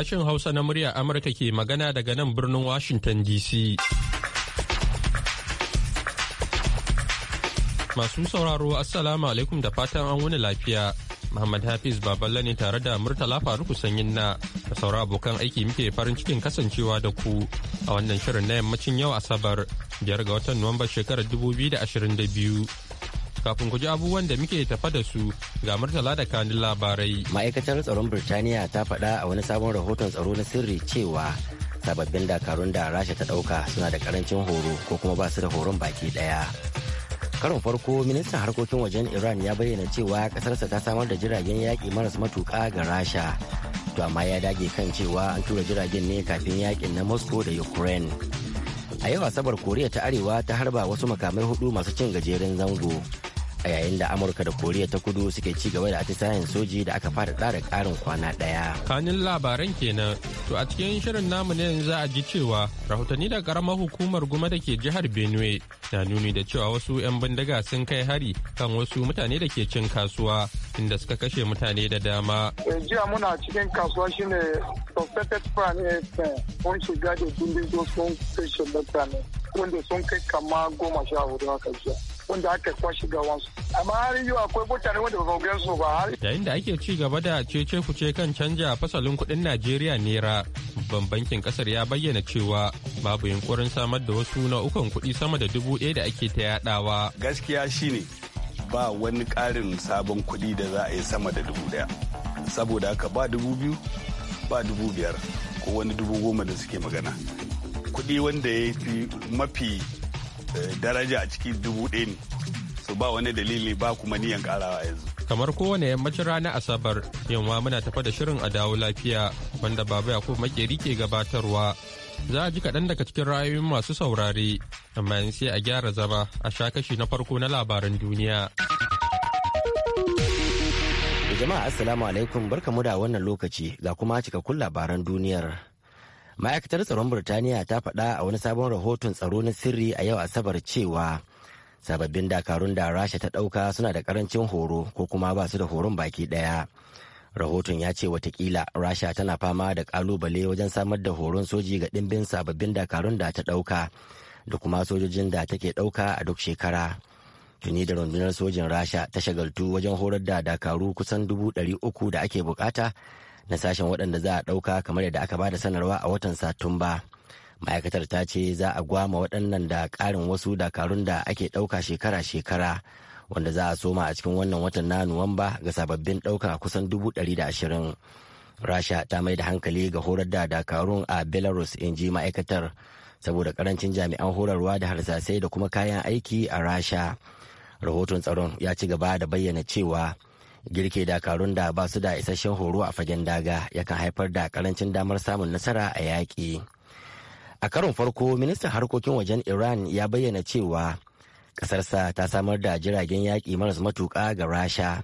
Sashen Hausa na murya Amurka ke magana daga nan birnin Washington DC. Masu sauraro Assalamu alaikum da fatan an wuni lafiya. Muhammad Hafiz Baballe ne tare da Murtala Faruku Sanyin na da saura abokan aiki muke farin cikin kasancewa da ku a wannan shirin na yammacin yau Asabar biyar ga watan Nuwamba shekarar 2022. kafin ku ji abubuwan da muke tafa da su ga murtala da kanin labarai. Ma'aikatar tsaron Birtaniya ta faɗa a wani sabon rahoton tsaro na sirri cewa sababbin dakarun da Rasha ta ɗauka suna da karancin horo ko kuma ba su da horon baki ɗaya. Karon farko ministan harkokin wajen Iran ya bayyana cewa ƙasarsa ta samar da jiragen yaƙi maras matuƙa ga Rasha. To amma ya dage kan cewa an tura jiragen ne kafin yaƙin na Moscow da Ukraine. A yau Asabar Koriya ta Arewa ta harba wasu makamai hudu masu cin gajeren zango. a yayin da amurka da koriya ta kudu suke ci gaba da atisayen soji da aka fara tsara karin kwana daya kanin labaran kenan to a cikin shirin namu ne yanzu a ji cewa rahotanni da karamar hukumar goma da ke jihar benue na nuni da cewa wasu 'yan bindiga sun kai hari kan wasu mutane da ke cin kasuwa inda suka kashe mutane da dama eh, jiya muna cikin kasuwa shine suspected shiga da bindigo sun kashe mutane wanda sun kai kama goma sha hudu haka jiya wanda aka ga gawansu amma har yi akwai mutane wanda ba gan su ba har yayin da ake ci gaba da cece kuce kan canja fasalin kuɗin Najeriya nera babban bankin kasar ya bayyana cewa babu yunkurin samar da wasu nau'ukan kuɗi sama da dubu ɗaya da ake ta yaɗawa gaskiya shine ba wani ƙarin sabon kuɗi da za a yi sama da dubu ɗaya saboda haka ba dubu biyu ba dubu biyar ko wani dubu goma da suke magana kuɗi wanda ya fi mafi Eh, daraja a cikin dubu ɗaya ne su ba wani dalili ba kuma niyan karawa yanzu kamar kowane yammacin ranar asabar yamma muna tafa da shirin a dawo lafiya wanda baba yakub makeri ke gabatarwa za a ji kaɗan daga cikin ra'ayoyin masu saurare amma yanzu sai a gyara zama a sha kashi na farko na labaran duniya jama'a assalamu alaikum barkamu da wannan lokaci ga kuma cikakkun labaran duniyar ma'aikatar tsaron burtaniya ta faɗa a wani sabon rahoton tsaro na sirri a yau asabar cewa sababbin dakarun da rasha ta ɗauka suna da ƙarancin horo ko kuma ba su da horon baki ɗaya rahoton ya ce watakila rasha tana fama da ƙalubale wajen samar da horon soji ga ɗimbin sababbin dakarun da ta ɗauka da kuma sojojin da take ɗauka a duk shekara tuni da rundunar sojin rasha ta shagaltu wajen horar da dakaru kusan dubu ɗari uku da ake bukata na sashen waɗanda za a ɗauka kamar yadda aka bada sanarwa a watan satumba ma'aikatar ta ce za a gwama waɗannan da ƙarin wasu dakarun da ake ɗauka shekara-shekara wanda za a soma a cikin wannan watan na nuwamba ga sababbin ɗauka kusan dubu ɗari da ashirin rasha ta mai da hankali ga horar da dakarun a belarus in ji ma'aikatar saboda karancin jami'an horarwa da harsasai da kuma kayan aiki a rasha rahoton tsaron ya ci gaba da bayyana cewa girke dakarun da ba su da isasshen horo a fagen daga yakan haifar da karancin damar samun nasara a yaƙi a karon farko ministan harkokin wajen iran ya bayyana cewa ƙasarsa ta samar da jiragen yaƙi maras matuƙa ga rasha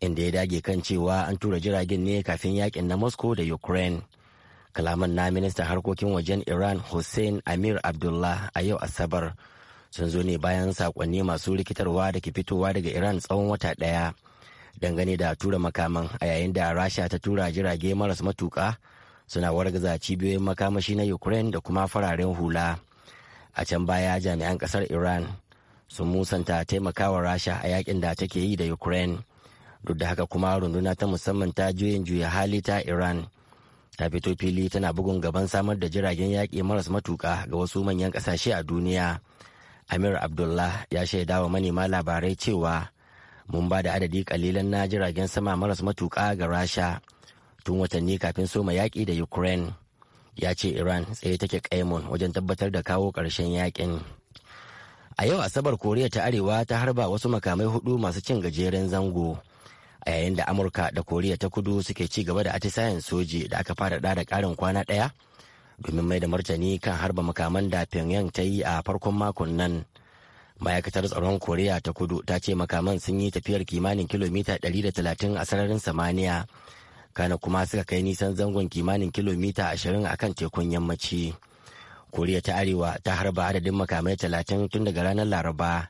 inda ya dage kan cewa an tura jiragen ne kafin yaƙin na moscow da ukraine kalaman na ministan harkokin wajen iran hussein amir abdullah a yau asabar sun zo ne bayan sakonni masu rikitarwa da ke fitowa daga iran tsawon wata ɗaya dangane da tura makaman a yayin da rasha ta tura jirage maras matuka suna wargaza cibiyoyin makamashi na ukraine da kuma fararen hula a can baya jami'an kasar iran sun musanta taimakawa rasha a yakin da take yi da ukraine duk da haka kuma runduna ta musamman ta juyin juya hali ta iran ta fito fili tana bugun gaban samar da jiragen yaƙi maras matuka ga wasu manyan ƙasashe a duniya amir abdullah ya shaidawa manema labarai cewa mun ba da adadi kalilan na jiragen sama maras matuƙa ga rasha tun watanni kafin soma yaƙi da ukraine ya ce iran tsaye take kaimun wajen tabbatar da kawo ƙarshen yaƙin a yau asabar koriya ta arewa ta harba wasu makamai hudu masu cin gajeren zango a yayin da amurka da koriya ta kudu suke ci gaba da atisayen soji da aka fara da karin kwana ɗaya domin mai da martani kan harba makaman da pyongyang ta yi a farkon makon nan ma'aikatar tsaron koriya ta kudu ta ce makaman sun yi tafiyar kimanin kilomita 130 a sararin samaniya kana kuma suka kai nisan zangon kimanin kilomita 20 a kan tekun yammaci koriya ta arewa ta harba adadin makamai 30 tun daga ranar laraba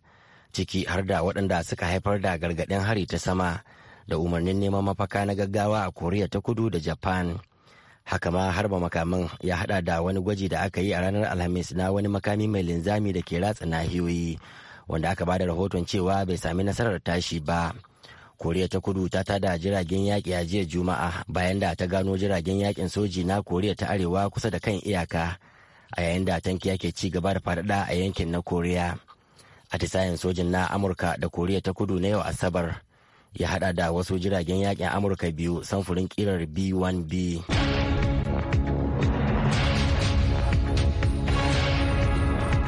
ciki har da waɗanda suka haifar da gargaɗin hari ta sama da umarnin neman mafaka na gaggawa a koriya ta kudu da japan haka ma harba makaman ya hada da wani gwaji da aka yi a ranar alhamis na wani makami mai linzami da ke ratsa nahiyoyi wanda aka bada rahoton cewa bai sami nasarar tashi ba koriya ta kudu ta tada jiragen yaƙi a jiya juma'a bayan da ta gano jiragen yaƙin soji na koriya ta arewa kusa da kan iyaka a yayin da tanki ke ci gaba da faɗaɗa a yankin na koriya atisayen sojin na amurka da koriya ta kudu na yau asabar ya hada da wasu jiragen yakin amurka biyu samfurin kirar b1b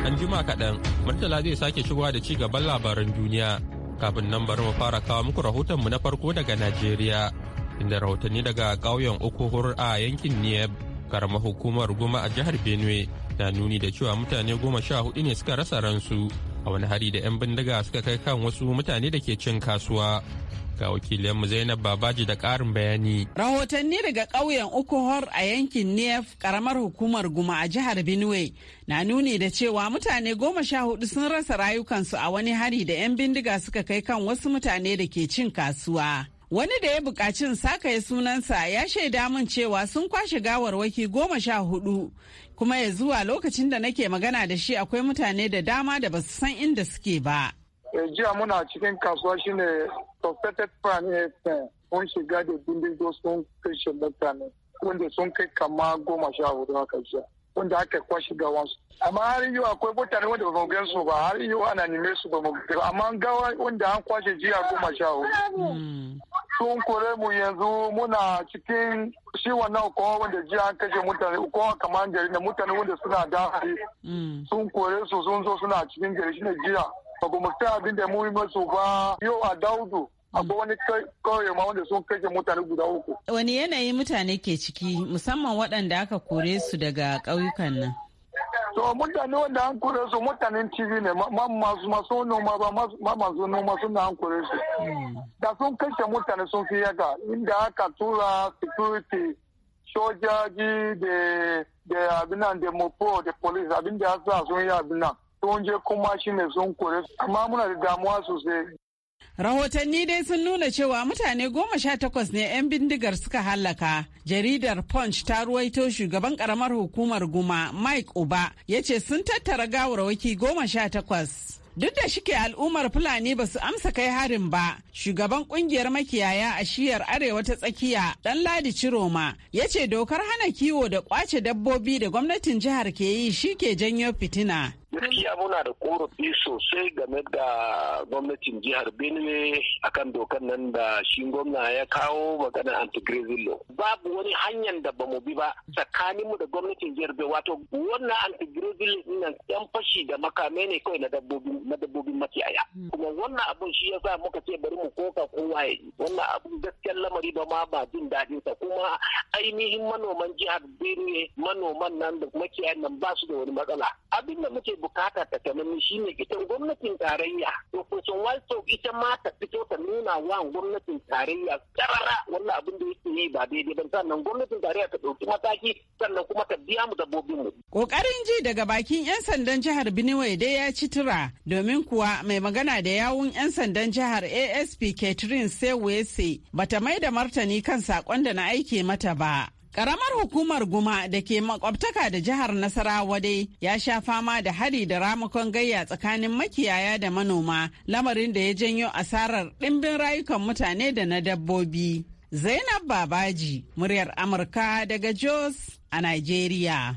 an juma kaɗan murtala zai sake shigowa da ci gaban labaran duniya kafin nan bari mu fara kawo muku rahotonmu na farko daga najeriya inda rahotanni daga ƙauyen okohor a yankin niyab karamar hukumar goma a jihar benue na nuni da cewa mutane goma sha hudu ne suka rasa ransu a wani hari da 'yan bindiga suka kai kan wasu mutane da ke cin kasuwa ga wakilinmu zainab babaji da karin bayani rahotanni daga ƙauyen ukuhor a yankin nef karamar hukumar guma a jihar benue na nuni da cewa mutane goma sha hudu sun rasa rayukansu a wani hari da 'yan bindiga suka kai kan wasu mutane da ke cin kasuwa wani da ya bukacin sakaye sunansa ya shaida min cewa sun kwashe gawarwaki goma sha hudu kuma ya zuwa lokacin da nake magana da shi akwai mutane da dama da basu san inda suke ba. E, jiya muna cikin kasuwa shine suspected prime sun shiga da bindigo sun kai shi mutane wanda sun kai kama goma sha hudu haka jiya. wanda aka ga wasu. amma har yiwu akwai mutane wanda ba gan su ba har yiwu ana nime su ba mu amma gawa wanda an kwashe jiya goma sha hudu sun kore mu yanzu muna cikin shi wannan kowa wanda jiya an kashe mutane kowa kamar gari na mutane wanda suna dahari mm. sun kore su sun zo suna cikin gari shine jiya ba mu sai abin da mu yi masu ba yau a daudu akwai wani kauye ma wanda sun kashe mutane guda uku. Wani yanayi mutane ke ciki musamman waɗanda aka kore su daga ƙauyukan nan? To mutane wanda an kore su mutanen cibi ne ma masu masu noma ba ma masu noma suna an kore su. Hmm. Da sun kashe mutane sun fi yaka inda aka tura security sojaji da da abinan da mopo da police abin da ya sa sun yi abinan. Sun je kuma shi ne sun kore su amma muna da damuwa sosai Rahotanni dai sun nuna cewa mutane goma sha takwas ne 'yan bindigar suka hallaka. Jaridar Punch ta ruwaito shugaban karamar hukumar Guma Mike Uba ya ce sun tattara gawarwaki goma sha takwas. Duk da shike al'ummar Fulani ba su amsa kai harin ba, shugaban kungiyar makiyaya a shiyar arewa ta tsakiya dan Ladi Ciroma ya ce dokar hana kiwo da kwace dabbobi da gwamnatin jihar ke yi shi ke janyo fitina. gaskiya muna da korafi sosai game da gwamnatin jihar benue akan dokan nan da shi gwamna ya kawo magana anti law babu wani hanyar da bamu bi ba tsakanin mu da gwamnatin jihar benue wato wannan anti-grazing nan yan fashi da makamai ne kawai na dabbobin makiyaya hmm. kuma wannan abun shi yasa muka ce bari mu koka kowa ya yi wannan abun gaskiyar lamari ba ma ba jin daɗin sa kuma ainihin manoman jihar benue manoman nan da makiyayan nan ba su da wani matsala abin da muke bukata ta shi shine ita gwamnatin tarayya lokacin walto ita ma ta fito ta nuna wa gwamnatin tarayya karara wannan abin da yake yi ba daidai ba sannan gwamnatin tarayya ta ɗauki mataki sannan kuma ta biya mu dabbobin mu. Kokarin ji daga bakin 'yan sandan jihar Benue dai ya ci tura domin kuwa mai magana da yawun 'yan sandan jihar ASP Catherine Sewese bata mai da martani kan sakon da na aike mata ba. Ƙaramar hukumar Guma da ke makwabtaka da jihar Nasarawa dai ya sha fama da hari da ramukan gayya tsakanin makiyaya da manoma lamarin da ya janyo asarar ɗimbin rayukan mutane da na dabbobi. Zainab Babaji, muryar Amurka daga Jos a Nigeria.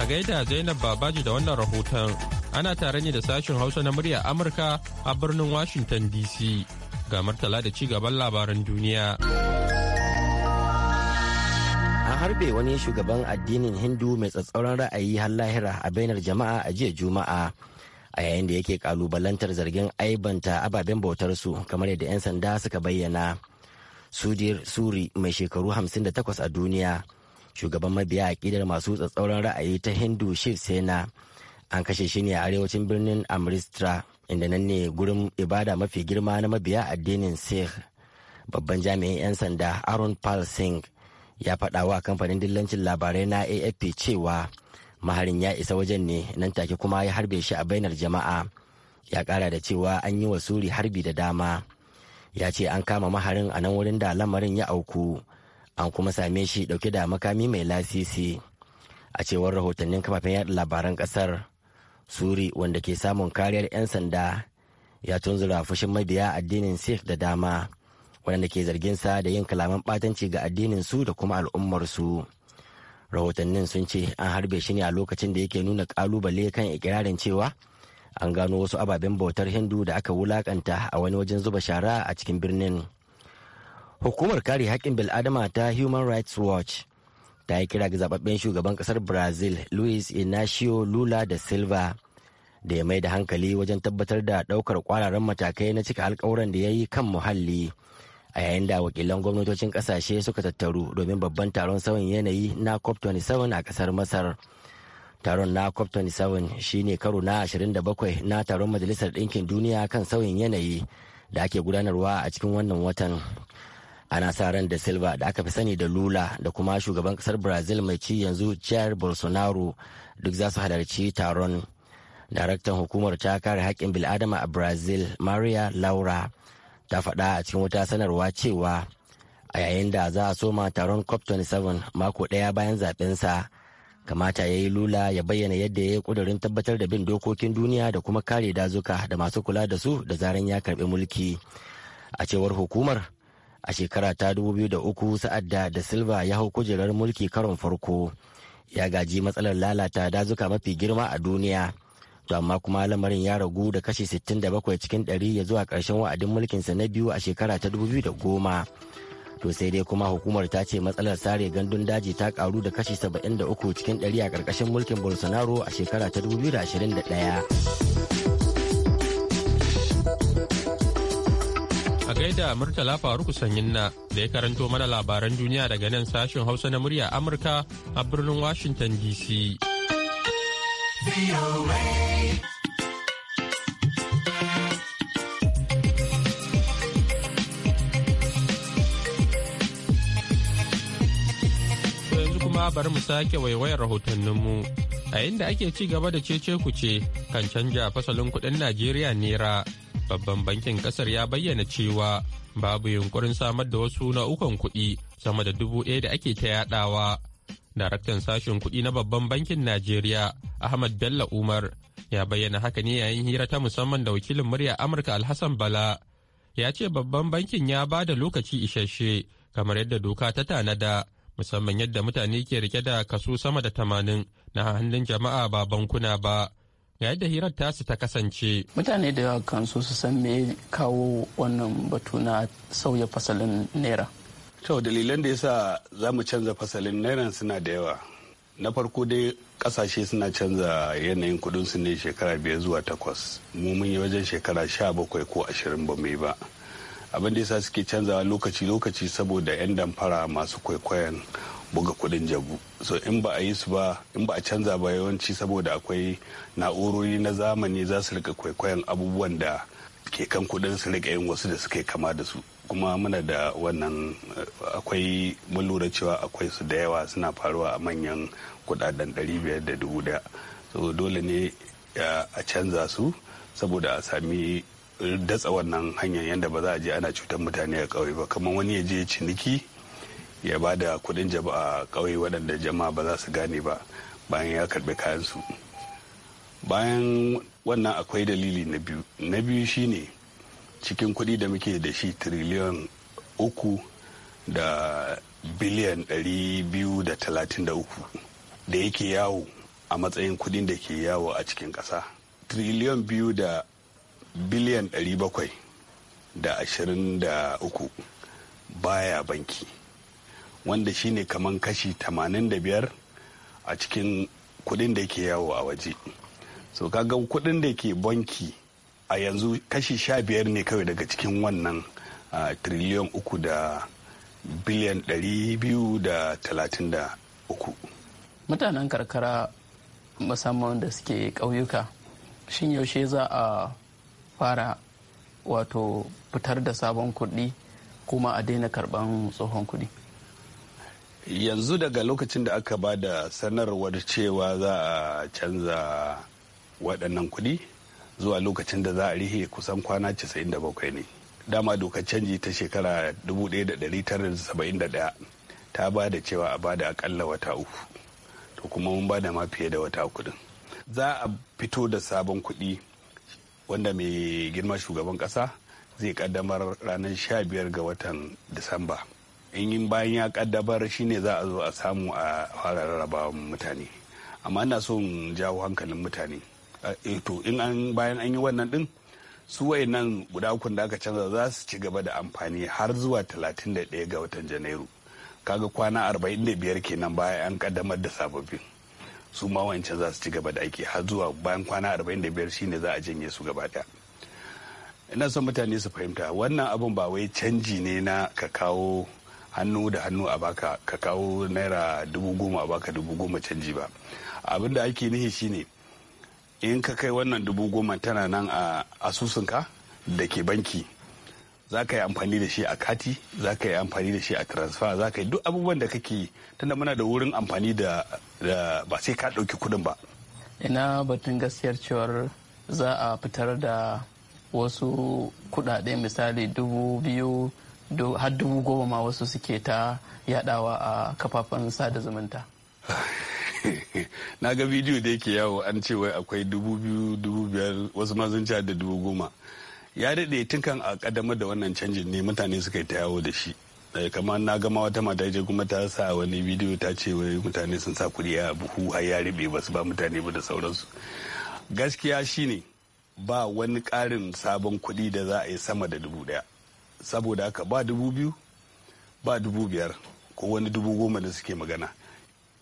A gaida Zainab Babaji da wannan rahoton ana tare ne da sashen hausa na murya amurka a birnin washington dc ga martala da ci gaban labaran duniya an harbe wani shugaban addinin hindu mai tsatsauran ra'ayi har lahira a bainar jama'a a jiya juma'a a yayin da yake kalubalantar zargin aibanta ababen bautarsu kamar yadda 'yan sanda suka bayyana sudir suri mai shekaru 58 a duniya shugaban mabiya aƙidar masu tsatsauran ra'ayi ta hindu shiv sena an kashe shi ne a arewacin birnin amristra inda nan ne gurin ibada mafi girma na mabiya addinin sikh babban jami'in 'yan sanda aaron paul singh ya faɗa wa kamfanin dillancin labarai na afp cewa maharin ya isa wajen ne nan take kuma ya harbe shi a bainar jama'a ya ƙara da cewa an yi wa suri harbi da dama ya ce an kama maharin a nan wurin da lamarin ya auku an kuma same shi dauke da makami mai lasisi a cewar rahotannin kafafen yada labaran kasar suri wanda ke samun kariyar 'yan sanda ya tunzura fushin mabiya addinin sikh da dama waɗanda ke zarginsa da yin kalaman ɓatanci ga addinin su da kuma al'ummarsu rahotannin sun ce an harbe shi ne a lokacin da yake nuna ƙalubale kan ikirarin cewa an gano wasu ababen bautar hindu da aka wulakanta a wani wajen zuba shara a cikin birnin hukumar kare haƙƙin bil'adama ta human rights watch ta yi kira ga zababben shugaban kasar brazil luis inacio lula da silva da ya mai da hankali wajen tabbatar da daukar kwararan matakai na cika alkawuran da ya yi kan muhalli a yayin da wakilan gwamnatocin kasashe suka tattaru domin babban taron sauyin yanayi na cop 27 a kasar masar taron na cop 27 shine karo na 27 na taron majalisar ɗinkin duniya kan sauyin yanayi da ake gudanarwa a cikin wannan watan ana sa ran da silva da aka fi sani da lula da kuma shugaban kasar brazil mai ci yanzu jair bolsonaro duk za su halarci taron daraktan hukumar ta kare haƙƙin bil'adama a brazil maria laura ta faɗa a cikin wata sanarwa cewa a yayin da za a soma taron cop 27 mako ɗaya bayan zaɓensa kamata ya yi lula ya bayyana yadda ya yi ƙudurin tabbatar da bin dokokin duniya da kuma kare dazuka da masu kula da su da zaran ya karɓi mulki a cewar hukumar a shekara ta 2003 sa'ad da da silva ya hau kujerar mulki karon farko ya gaji matsalar lalata dazuka mafi girma a duniya to amma kuma lamarin ya ragu da kashi 67 cikin 100 ya zuwa ƙarshen wa'adin mulkinsa na biyu a shekara ta 2010 to sai dai kuma hukumar ta ce matsalar sare gandun daji ta karu da kashi 73 cikin 100 a ƙarƙashin mulkin bolsonaro a shekara ta 2021 A gaida Murtala Faruku Sanyin na da ya karanto mana labaran duniya daga nan sashen Hausa na murya Amurka a birnin Washington DC. yanzu kuma bari mu sake waiwayar rahotanninmu a inda ake ci gaba da cece ce kan canja fasalin kudin Najeriya nera babban bankin kasar ya bayyana cewa babu yunkurin samar da wasu nau'ukan kuɗi sama da dubu ɗaya da ake ta yaɗawa. Daraktan sashen kuɗi na babban bankin Najeriya Ahmad Bello Umar ya bayyana haka ne yayin hira ta musamman da wakilin murya Amurka Alhassan Bala. Ya ce babban bankin ya ba da lokaci isasshe kamar yadda doka ta tanada musamman yadda mutane ke rike da kaso sama da tamanin na hannun jama'a ba bankuna ba. yayin da hirar tasu ta kasance. Mutane da yawa kan so su san me kawo wannan batu na sauya fasalin naira. To dalilan da yasa za mu canza fasalin naira suna da yawa. Na farko dai kasashe suna canza yanayin kudin su ne shekara biyar zuwa takwas. Mu mun yi wajen shekara sha bakwai ko ashirin ba mu yi ba. Abin da yasa suke canzawa lokaci-lokaci saboda 'yan damfara masu kwaikwayon buga kudin jabu so in ba a yi su ba in ba a canza ba yawanci saboda akwai na'urori na zamani za su rika kwaikwayon abubuwan da ke kan kudin su rika yin wasu da suke kama da su kuma muna da wannan akwai mun lura cewa akwai su da yawa suna faruwa a manyan kudaden biyar da dubu da so dole ne a canza su saboda a sami datsa wannan hanyar yadda ba za a je ana cutar mutane a ƙauye ba kamar wani ya je ciniki ya ba da kudin jama'a kauye waɗanda jama'a ba za su gane ba bayan ya karɓi kayansu bayan wannan akwai dalili na biyu na biyu shine cikin kuɗi da muke da shi tiriliyan uku da biliyan ɗari biyu da talatin da uku da yake yawo a matsayin kuɗi da ke yawo a cikin ƙasa tiriliyan biyu da biliyan ɗari bakwai da ashirin da uku baya banki wanda shine kaman kashi 85 a cikin kudin da ke yawo a waje so kaga kudin da ke banki a yanzu kashi 15 ne kawai daga cikin wannan triliyon uku da biliyan 233 mutanen karkara musamman da suke ƙauyuka shin yaushe za a fara wato fitar da sabon kuɗi kuma a daina karɓan tsohon kuɗi yanzu daga lokacin da aka ba da sanarwar cewa za a canza waɗannan kuɗi zuwa lokacin da za a rihe kusan kwana 97 ne dama doka canji ta shekara 1971 ta ba da cewa a ba da akalla wata uku to kuma mun ba da ma fiye da wata kuɗi. za a fito da sabon kuɗi wanda mai girma shugaban ƙasa zai kaddamar ranar 15 ga watan disamba in yin bayan ya kaddabar shine za a zo a samu a fara rarraba mutane amma ina so in jawo hankalin mutane eh, to in an bayan an yi wannan din su nan guda uku da aka canza za su ci gaba da amfani har zuwa 31 ga watan janairu kaga kwana 45 kenan bayan an kaddamar da sababbin su ma wancan za su ci gaba da aiki har zuwa bayan kwana 45 shine za a janye su gaba daya ina son mutane su fahimta wannan abin ba wai canji ne na ka kawo hannu da hannu a baka ka kawo naira dubu goma a baka dubu goma canji ba abin da ake nihi shine in ka kai wannan dubu goma tana nan a asusunka da ke banki za ka yi amfani da shi a kati za ka yi amfani da shi a transfer za ka yi duk abubuwan da kake tunda muna da wurin amfani da ba sai ka ɗauki kuɗin ba ina batun gaskiyar cewar za a fitar da wasu kuɗaɗe misali dubu biyu har dubu goma ma wasu suke ta yadawa a kafafen sada zumunta na ga bidiyo da yake yawo an ce wai akwai dubu biyu dubu biyar wasu ma sun da dubu goma ya daɗe tun kan a kaddamar da wannan canjin ne mutane suka yi ta yawo da shi eh, kamar na gama wata mata je kuma ta sa wani bidiyo ta ce wai mutane sun sa kuɗi a buhu har ya riɓe ba su ba mutane ba da sauransu gaskiya shine ba wani ƙarin sabon kuɗi da za a yi sama da dubu ɗaya saboda haka ba dubu biyu ba dubu biyar ko wani dubu goma da suke magana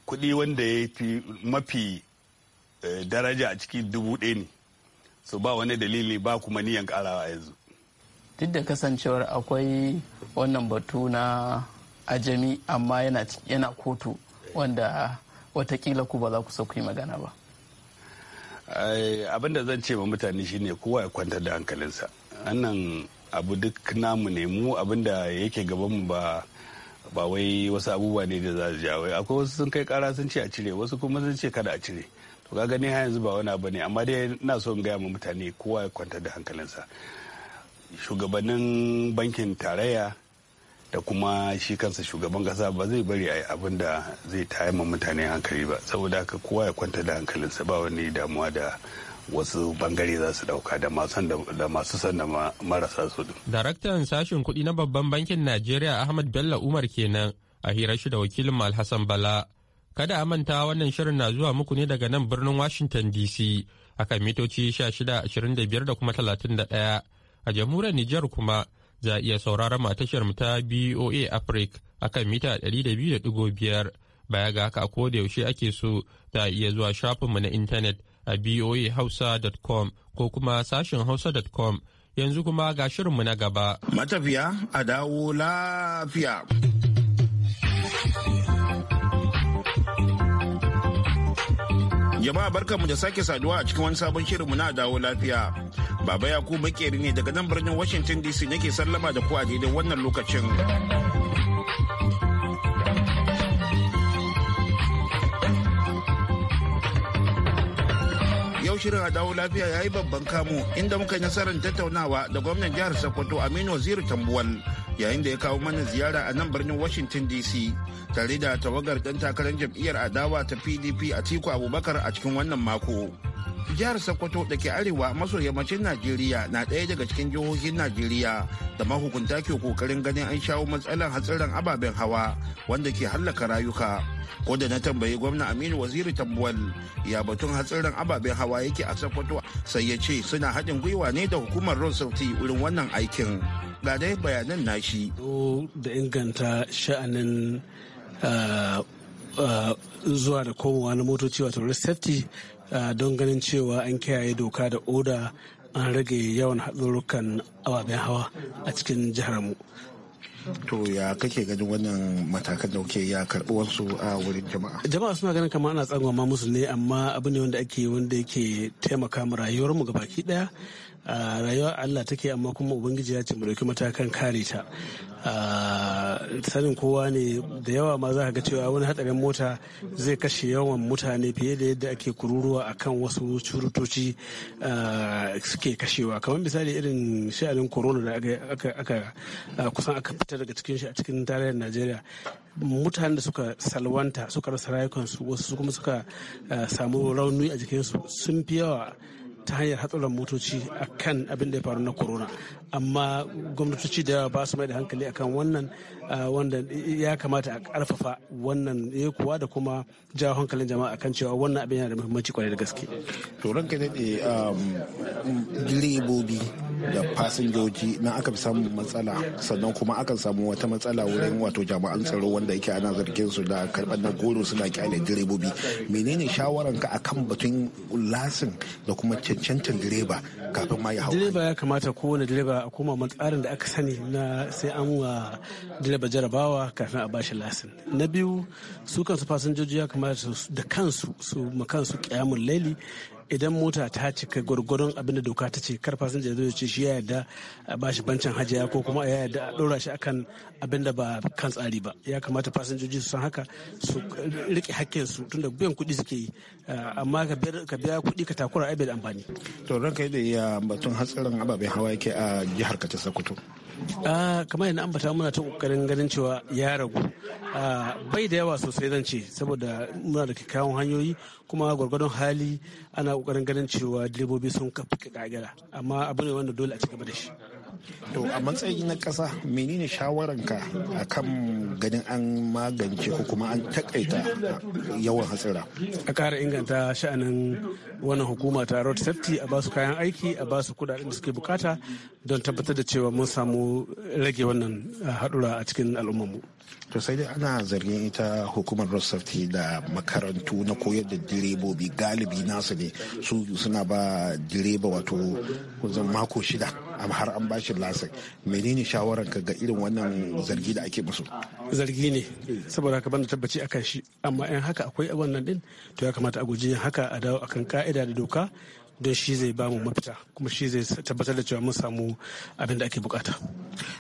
kuɗi wanda ya fi mafi eh, daraja a cikin dubu ɗaya ne so ba wani dalili ba kuma niyan karawa yanzu duk da kasancewar akwai wannan batu na ajami amma yana, kotu wanda watakila ku ba za ku so ku yi magana ba abin da zan ce ma mutane shine kowa ya kwantar da hankalinsa annan abu duk namu ne mu abinda yake gabanmu ba ba wai wasu abubuwa ne da za su ja wai akwai wasu sun kai kara sun ce a cire wasu kuma sun ce kada a cire to ka gani har yanzu ba wani abu ne amma dai na so in gaya ma mutane kowa ya kwanta da hankalinsa shugabannin bankin tarayya da kuma shi kansa shugaban kasa ba zai bari a yi abin da zai tayar ma mutane hankali ba saboda haka kowa ya kwanta da hankalinsa ba wani damuwa da wasu bangare za su dauka da masu san da marasa su daraktan sashen kuɗi na babban bankin najeriya ahmad bello umar kenan a hirar shi da wakilin malhassan bala kada a manta wannan shirin na zuwa muku ne daga nan birnin washington dc akan mitoci 1625 da kuma 31 a jamhuriyar nijar kuma za a iya sauraron tashar mu ta boa africa akan mita 200.5 baya ga haka a yaushe ake so za a iya zuwa shafinmu na intanet a voahausa.com ko kuma sashin hausa.com yanzu kuma ga shirinmu na gaba. Matafiya a dawo lafiya. Jama'a barkanmu da sake saduwa a cikin wani sabon shirinmu na dawo lafiya. Baba Yakubu makeri ne daga nan birnin Washington DC nake sallama da ku a daidai wannan lokacin. shirin a dawo lafiya ya yi babban kamo inda muka yi nasarar tattaunawa da gwamnan jihar Sokoto Aminu Waziru Tambuwal yayin da ya kawo mana ziyara a nan birnin Washington DC tare da tawagar dan takarar jam'iyyar adawa ta PDP a Tiku Abubakar a cikin wannan mako. jihar sokoto da ke arewa maso yammacin najeriya na ɗaya daga cikin jihohin najeriya da mahukunta ke kokarin ganin an shawo matsalar hatsarin ababen hawa wanda ke hallaka rayuka ko da na tambayi gwamna aminu waziri tambuwal ya batun hatsarin ababen hawa yake a sokoto sai ya ce suna haɗin gwiwa ne da hukumar road wurin wannan aikin ga dai bayanan nashi da inganta sha'anin ah, ah, zuwa da komowa na motoci wato road safety don ganin cewa an kiyaye doka da oda an rage yawan haɗurrukan ababen hawa a cikin jihar mu. to ya kake ganin wannan matakan da kuke ya wasu a wurin jama'a jama'a suna ganin kamar ana ma musu ne amma abu ne wanda ake wanda yake taimaka mu rayuwar mu gabaki daya rayuwar Allah take amma kuma ubangiji ya ce mu dauki matakan kare ta Ah, sanin kowa ne da yawa ma za ka ga cewa wani hatsarin mota zai kashe yawan mutane fiye da yadda ake kururuwa a kan wasu curutoci ah, suke kashewa kamar misali irin sha'anin corona da aka ah, kusan aka fita daga cikin shi a cikin tarayyar najeriya mutanen da suka salwanta suka rasa rayukansu wasu kuma suka samu rauni a jikinsu sun fi yawa ta hanyar hatsarin motoci a kan abin da ya faru na corona amma gwamnatoci da yawa ba su mai da hankali akan wannan wanda ya kamata a karfafa wannan ya eh, kuwa da kuma jawo hankalin jama'a akan cewa wannan abin yana da muhimmanci kwarai da gaske to ka daɗe um, direbobi da fasinjoji na aka fi samun matsala sannan kuma akan samu wata matsala wurin wato jami'an tsaro wanda yake ana zargin su da karɓar na goro suna kyale direbobi menene shawaranka akan batun lasin da kuma cancantar direba kafin ma ya hau direba ya kamata kowane direba a koma man tsarin da aka sani na sai an wa direba jarabawa kafin a bashi lasin na biyu su kansu fasinjoji ya kamata da kansu su ma kansu kyamun laili idan mota ta cika gwargwaron abin da doka ta ce kar fasinja zai ce shi ya yarda a ba shi bancin hajiya ko kuma ya yarda a ɗora shi akan abin da ba kan tsari ba ya kamata fasinjoji su san haka su rike hakkin su tunda biyan kuɗi suke yi ah, amma ka biya kuɗi ka takura ai bai da amfani. to ranka da iya batun hatsarin ababen hawa yake a jihar ka ta sokoto. Ah, kamar yadda ambata muna ta kokarin ganin cewa ya ragu ah, bai da yawa sosai zan ce saboda muna da kyakkyawan hanyoyi kuma gwargwadon hali ana kokarin ganin cewa direbobi sun kafa kagara amma abu ne wanda dole a ci gaba da shi to a matsayi na ƙasa menene shawaranka a kan ganin an magance ko kuma an takaita yawan hatsira a ƙara inganta sha'anin wannan hukuma ta road safety a basu kayan aiki a basu kudaden da suke bukata don tabbatar da cewa mun samu rage wannan eh, haɗura a cikin al'ummarmu to sai dai ana zargin ita hukumar road safety da makarantu na koyar da direbobi galibi nasu ne su suna ba direba wato mako shida har an bashi lasin menene shawaran ka ga irin wannan zargi da ake musu zargi ne saboda haka banda tabbaci akan shi amma in haka akwai wannan din to ya kamata a guji yin haka a dawo akan ka'ida da doka don shi zai ba mu mafita kuma shi zai tabbatar da cewa mun samu abin da ake bukata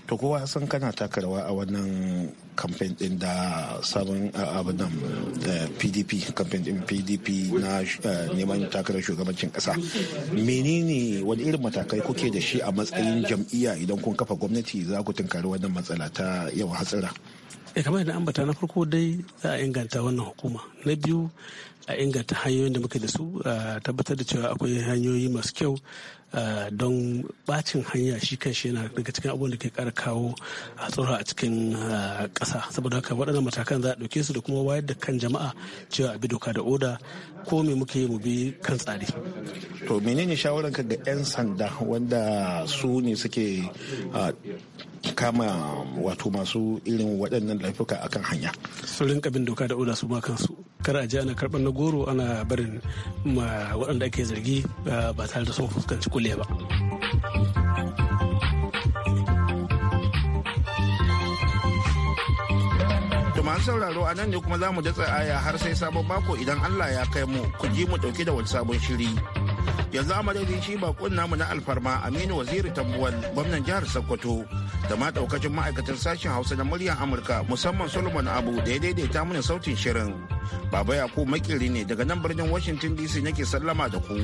to kowa ya san kana taka rawa a wannan kamfen din da sabon abin da eh, pdp kamfen din pdp na eh, neman takarar shugabancin kasa menene wani irin matakai kuke da shi a matsayin jam'iyya idan kun kafa gwamnati za ku tunkari wannan matsala ta yawan hatsara. Eh, kamar yadda ambata na farko dai za a inganta wannan hukuma na biyu a inganta hanyoyin da muke da su a tabbatar da cewa akwai hanyoyi masu kyau don bacin hanya shi kanshi yana daga cikin abubuwan da ke kara kawo a tsoro a cikin ƙasa saboda haka waɗannan matakan za a ɗauke su da kuma wayar da kan jama'a cewa a bi doka da oda ko me muke yi mu bi kan tsari to menene shawararka ga 'yan sanda wanda su ne suke kama wato masu irin waɗannan laifuka akan hanya su rinka doka da oda su ma kansu kar a ji ana karɓar na goro ana barin waɗanda ake zargi ba tare da sun fuskanci kulle ba masu sauraro a nan ne kuma za mu datsa aya har sai sabon bako idan Allah ya kai mu ku ji mu dauke da wani sabon shiri. yanzu amadadin shi bakon namu na alfarma aminu waziri tambuwal gwamnan jihar sokoto da ma daukacin ma'aikatan sashen hausa na muryar amurka musamman solomon abu da ya daidaita mana sautin shirin baba yaku makiri ne daga nan birnin washington dc nake sallama da ku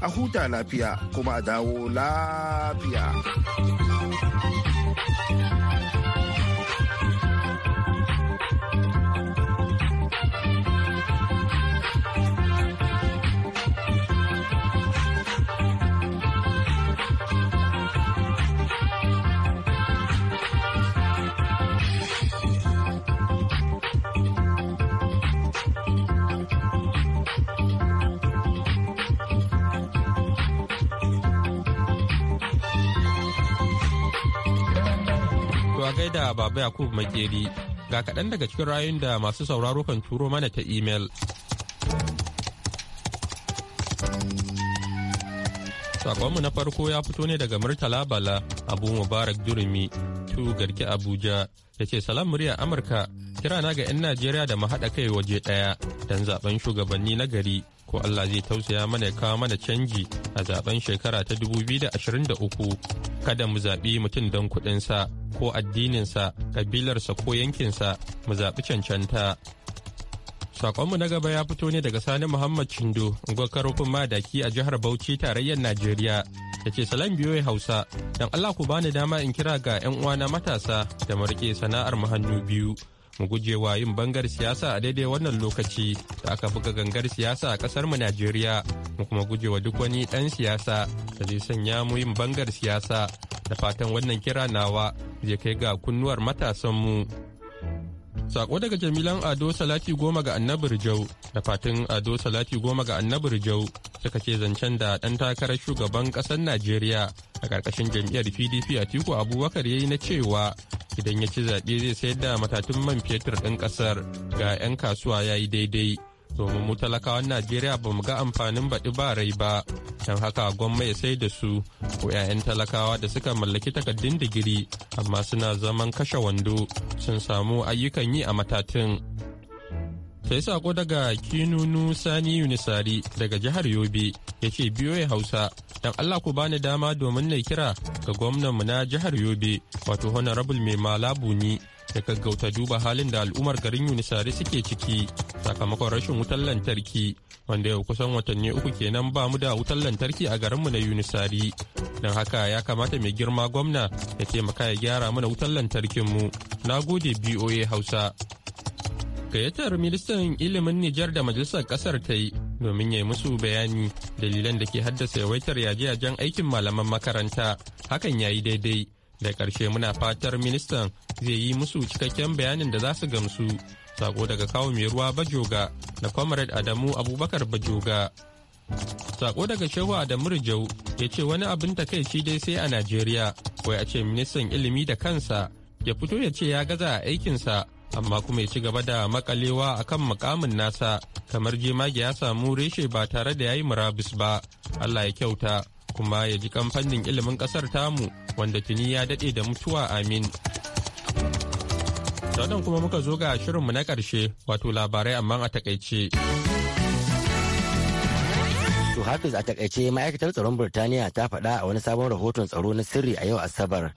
a huta lafiya kuma a dawo lafiya da Baba Yakubu Makeri ga kaɗan daga cikin rayun da masu sauraro kan turo mana ta imel. Sakonmu na farko ya fito ne daga Murtala Bala Abu Mubarak Durumi tu garki Abuja ya ce salam murya Amurka kirana ga 'yan Najeriya da mahaɗa kai waje ɗaya don zaben shugabanni na gari ko Allah zai tausaya mana ya kawo mana canji a zaben shekara ta 2023 kada mu zaɓi mutum don kuɗinsa ko addininsa kabilarsa ko yankinsa mu zaɓi cancanta Sakonmu na gaba ya fito ne daga Sani Muhammad Chindo, rufin madaki a jihar Bauchi tarayyar Najeriya. Da ce salam biyoyi Hausa, don Allah ku bani dama in kira ga 'yan uwana matasa da marke sana'ar mu biyu. mu guje wa yin bangar siyasa a daidai wannan lokaci da aka buga gangar siyasa a kasar mu Najeriya mu kuma guje wa duk wani dan siyasa da zai sanya mu yin bangar siyasa da fatan wannan kira nawa zai kai ga kunnuwar matasan mu Sako daga Jamilan Ado Salati goma ga Annabi Rijau da fatan Ado Salati goma ga Annabi Rijau suka ce zancen da ɗan takarar shugaban ƙasar Najeriya a ƙarƙashin jam'iyyar PDP a Tiku Abubakar ya yi na cewa idan ya ci zaɓe zai sayar da matatun man fetur ɗin ƙasar ga 'yan kasuwa ya yi daidai domin mu talakawan najeriya ba mu ga amfanin baɗi ba rai ba don haka gwamma ya sai da su ko 'ya'yan talakawa da suka mallaki takardun digiri amma suna zaman kashe wando sun samu ayyukan yi a matatun sai sako daga kinunu sani unisari daga jihar yobe ya ce biyoyi hausa don allah ku bani dama domin na kira ga gwamnanmu na jihar yobe wato honorable mai malabu ni da gaggauta duba halin da al'ummar garin unisari suke ciki sakamakon rashin wutar lantarki wanda yau kusan watanni uku kenan ba mu da wutar lantarki a garinmu na unisari don haka ya kamata mai girma gwamna ya taimaka ya gyara mana wutar lantarkinmu na gode boa hausa gayyatar ministan ilimin Nijar da majalisar kasar ta yi domin ya yi musu bayani dalilan da ke haddasa yawaitar yaje-yajen aikin malaman makaranta hakan ya yi daidai da ƙarshe muna fatar ministan zai yi musu cikakken bayanin da za su gamsu sako daga kawo mai ruwa bajoga na comrade adamu abubakar bajoga sako daga shehu adamu rijau ya ce wani abin takaici dai sai a najeriya wai a ce ministan ilimi da kansa ya fito ya ce ya gaza a aikinsa amma kuma ya ci gaba da makalewa kan mukamin nasa kamar jemage ya samu reshe ba tare da ya yi murabus ba allah ya kyauta kuma ya ji kamfanin ilimin kasar tamu wanda tuni ya daɗe da mutuwa amin sannan kuma muka zo ga shirinmu na ƙarshe wato labarai amma a takaice To Hafiz a takaice ma'aikatar tsaron burtaniya ta faɗa a wani sabon rahoton tsaro na sirri a yau Asabar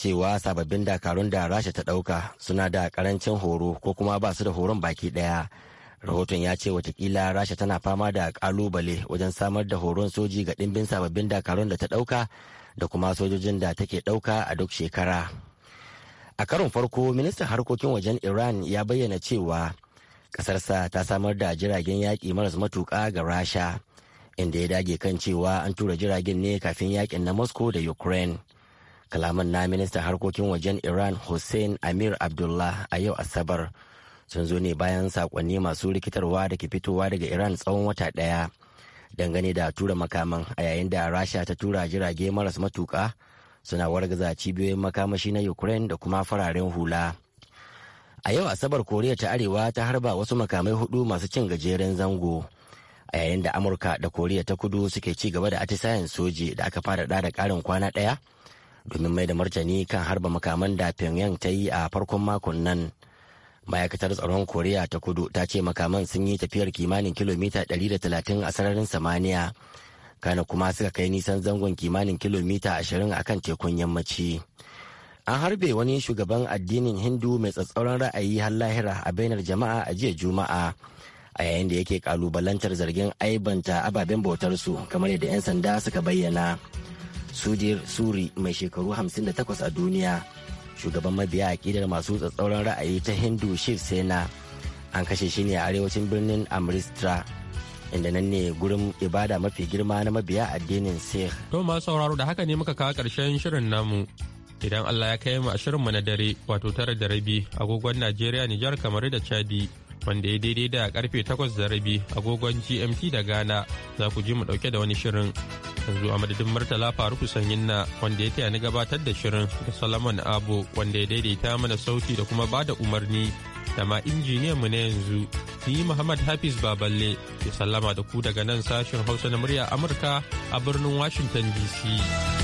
cewa sababbin dakarun da rasha ta ɗauka suna da karancin horo ko kuma ba su da horon baki ɗaya rahoton ya ce watakila rasha tana fama da kalubale wajen samar da horon soji ga ɗimbin sababbin dakarun da ta ɗauka da kuma sojojin da take ɗauka a duk shekara a karon farko ministan harkokin wajen iran ya bayyana cewa ƙasarsa ta samar da jiragen yaƙi maras matuƙa ga rasha inda ya dage kan cewa an tura jiragen ne kafin yakin na moscow da ukraine kalaman na ministan harkokin wajen iran hussein amir abdullah a yau asabar sun zo ne bayan sakonni masu rikitarwa da ke fitowa daga iran tsawon wata ɗaya dangane da tura makaman a yayin da rasha ta tura jirage maras matuka suna wargaza cibiyoyin makamashi na ukraine da kuma fararen hula a yau asabar koriya ta arewa ta harba wasu makamai hudu masu cin gajeren zango a yayin da amurka da koriya ta kudu suke ci gaba da atisayen soji da aka fara da karin kwana ɗaya domin mai da martani kan harba makaman da Pyongyang ta yi a farkon makon nan. Ma'aikatar tsaron Koriya ta kudu ta ce makaman sun yi tafiyar kimanin kilomita 130 a sararin samaniya. Kana kuma suka kai nisan zangon kimanin kilomita 20 akan tekun yammaci. An harbe wani shugaban addinin Hindu mai tsatsauran ra'ayi har lahira a bainar jama'a a jiya Juma'a. a yayin da yake kalubalantar zargin aibanta ababen bautarsu kamar yadda 'yan sanda suka bayyana. sudir suri mai shekaru 58 a duniya shugaban mabiya a akidar masu tsatsauran ra'ayi ta hindu shiv sena an kashe shi ne a arewacin birnin amritsar inda nan ne gurin ibada mafi girma na mabiya addinin sikh to ma sauraro da haka ne muka kawo karshen shirin namu idan allah ya kai mu a shirin na dare wato tara da rabi agogon najeriya nijar kamar da chadi wanda ya daidai da karfe 8 da rabi agogon GMT da Ghana za ku ji mu dauke da wani shirin. Yanzu a madadin Murtala Faruku Sanyin na wanda ya taya ni gabatar da shirin da Solomon Abu wanda ya daidaita mana sauti da kuma bada umarni da ma injiniyan mu na yanzu ni Muhammad Hafiz Baballe ya sallama da ku daga nan sashen Hausa na murya Amurka a birnin Washington DC.